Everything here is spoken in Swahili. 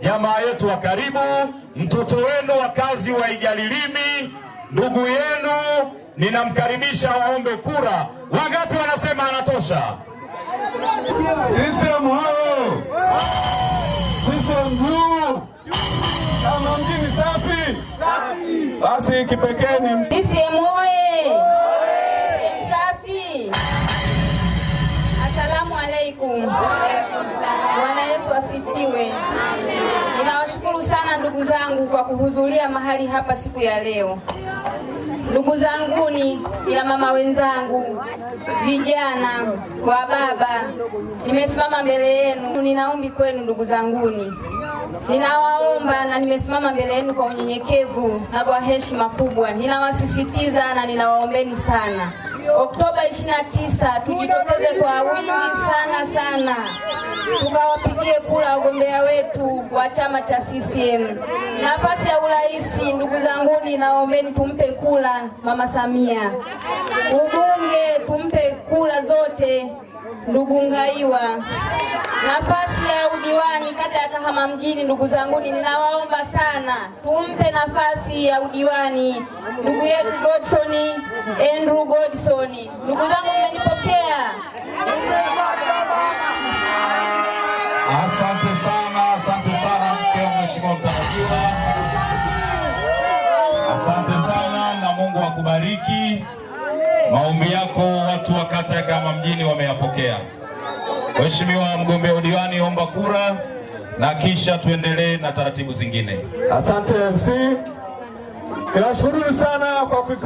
jamaa yetu wa karibu, mtoto wenu wa kazi wa Igalilimi, ndugu yenu. Ninamkaribisha waombe kura. Wangapi wanasema anatosha? Sisi mhoyo, sisi mjuu, kama mjini safi basi, kipekee ni sisi mhoye, sisi safi. Asalamu alaikum asifiwe. Ninawashukuru sana ndugu zangu kwa kuhudhuria mahali hapa siku ya leo. Ndugu zanguni, kila mama wenzangu, vijana wa baba, nimesimama mbele yenu, ninaombi kwenu ndugu zanguni, ninawaomba na nimesimama mbele yenu kwa unyenyekevu na kwa heshima kubwa, ninawasisitiza na ninawaombeni sana Oktoba 29 tujitokeze kwa wingi sana sana, tukawapigie kula wagombea wetu wa chama cha CCM nafasi ya urais. Ndugu zanguni, naombeni tumpe kula mama Samia, ubunge tumpe kula zote ndugu Ngaiwa, nafasi ya udiwani kata ya Kahama mjini. Ndugu zanguni, ninawaomba sana tumpe nafasi ya udiwani ndugu yetu Godson Andrew Godson. Ndugu zangu mmenipokea? Asante sana, asante sana mke mheshimiwa mtarajiwa, asante sana na Mungu akubariki. Maombi yako watu wa kata ya Kahama mjini wameyapokea. Mheshimiwa mgombea udiwani, omba kura na kisha tuendelee na taratibu zingine. Asante MC, ninashukuru sana kwa